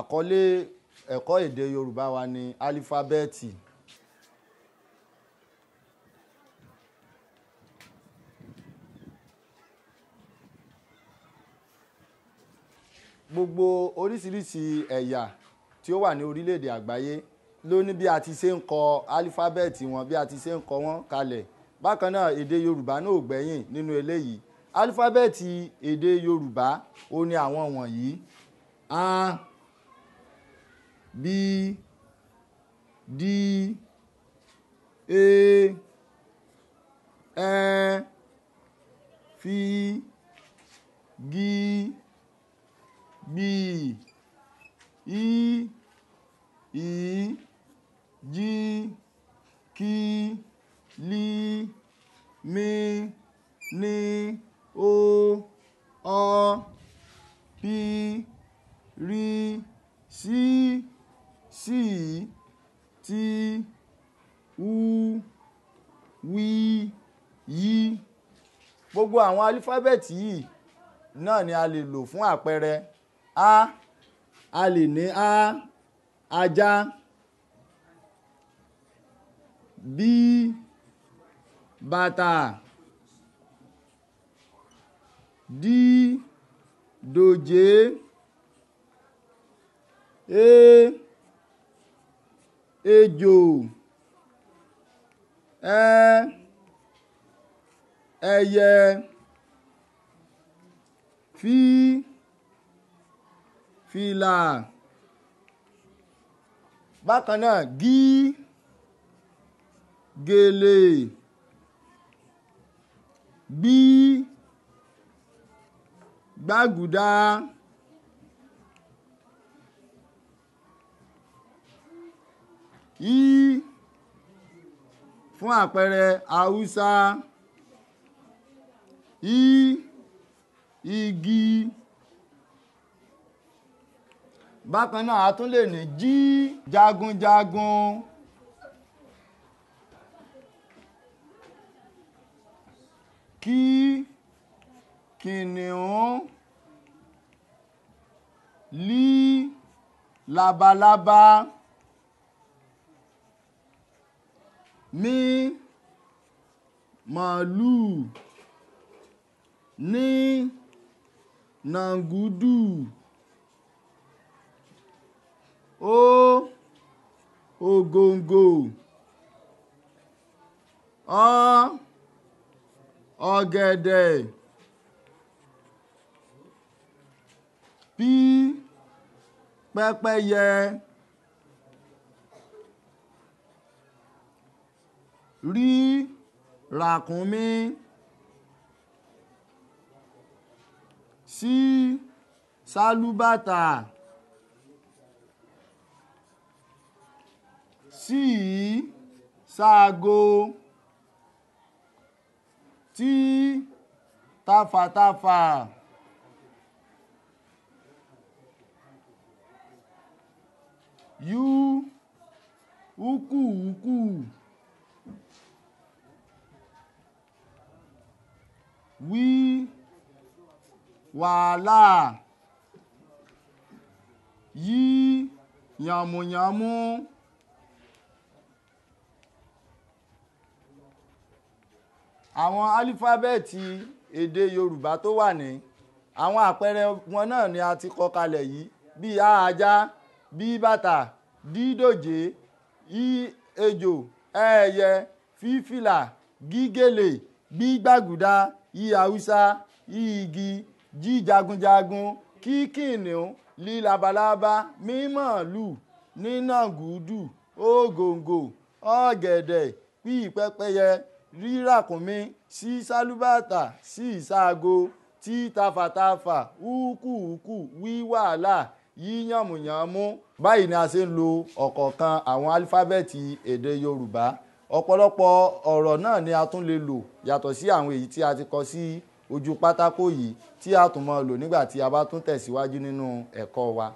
àkọlé ẹ̀kọ́ èdè Yorùbá wa ni alifábẹ́ẹ̀tì gbogbo oríṣiríṣi ẹ̀yà tí ó wà ní orílẹ̀-èdè àgbáyé ló ní bí a ti ṣe ń kọ alifábẹ́ẹ̀tì wọn bí a ti ṣe ń kọ wọn kalẹ̀ bákan náà èdè Yorùbá náà ò gbẹ̀yìn nínú eléyìí alifábẹ́ẹ̀tì èdè Yorùbá ó ní àwọn wọ̀nyí. E, B D A Ẹ Fi Gi Gbi I I Ji Ki Li Mi Ni O Ọ Pi Ri Si sí tí ú wí yí gbogbo àwọn alífábẹ́ẹ̀tì yìí náà ni a lè lò fún àpẹẹrẹ a a lè ní a ajá b bàtà d dòjé e ejò ẹ ẹyẹ fí fìlà bákan náà gí gèlè bí gbàgùdá. yìí fún àpẹẹrẹ haúsá yìí igi bákan náà a tún lè ní jí jagunjagun kí kìnìún lí labalábá. Laba, laba. mí màlúù ní nàgúdù ó ògòǹgò ọ ọ̀gẹ̀dẹ̀ pí pẹ́pẹ́yẹ. rí ràkúnmí sí sálúbàtà sí ságo tí tafàtafà yú úkúùkù. Uku, uku. wí wàhálà yí yànmùyànmú àwọn álífábẹ́ẹ̀tì èdè Yorùbá tó wà ní àwọn àpẹẹrẹ wọn náà ni a ti kọ kalẹ̀ yìí bíi a ajá bí bàtà dí dòjé i ejò ẹ̀ẹ̀yẹ fífìlà gígélè gbígbàgùdà yí haúsá yí igi jí jagunjagun kí kìnìún lí labalábá mímọ̀lù nínà gùdù ògòǹgò ọ̀gẹ̀dẹ̀ pí pẹ́pẹ́yẹ ríràkúnmí sí sálúbàtà sí ìságo tí tafàtafà húkúhúkú wí wàhálà yíyànmùyànmú báyìí ni a ṣe ń lo ọ̀kọ̀ọ̀kan àwọn álífábẹ́ẹ̀tì èdè yorùbá ọ̀pọ̀lọpọ̀ ọ̀rọ̀ náà ni a tún lè lò yàtọ̀ sí àwọn èyí tí a ti kọ sí ojú pátákó yìí tí a tún máa lò nígbà tí a bá tún tẹ̀síwájú nínú ẹ̀kọ́ wa.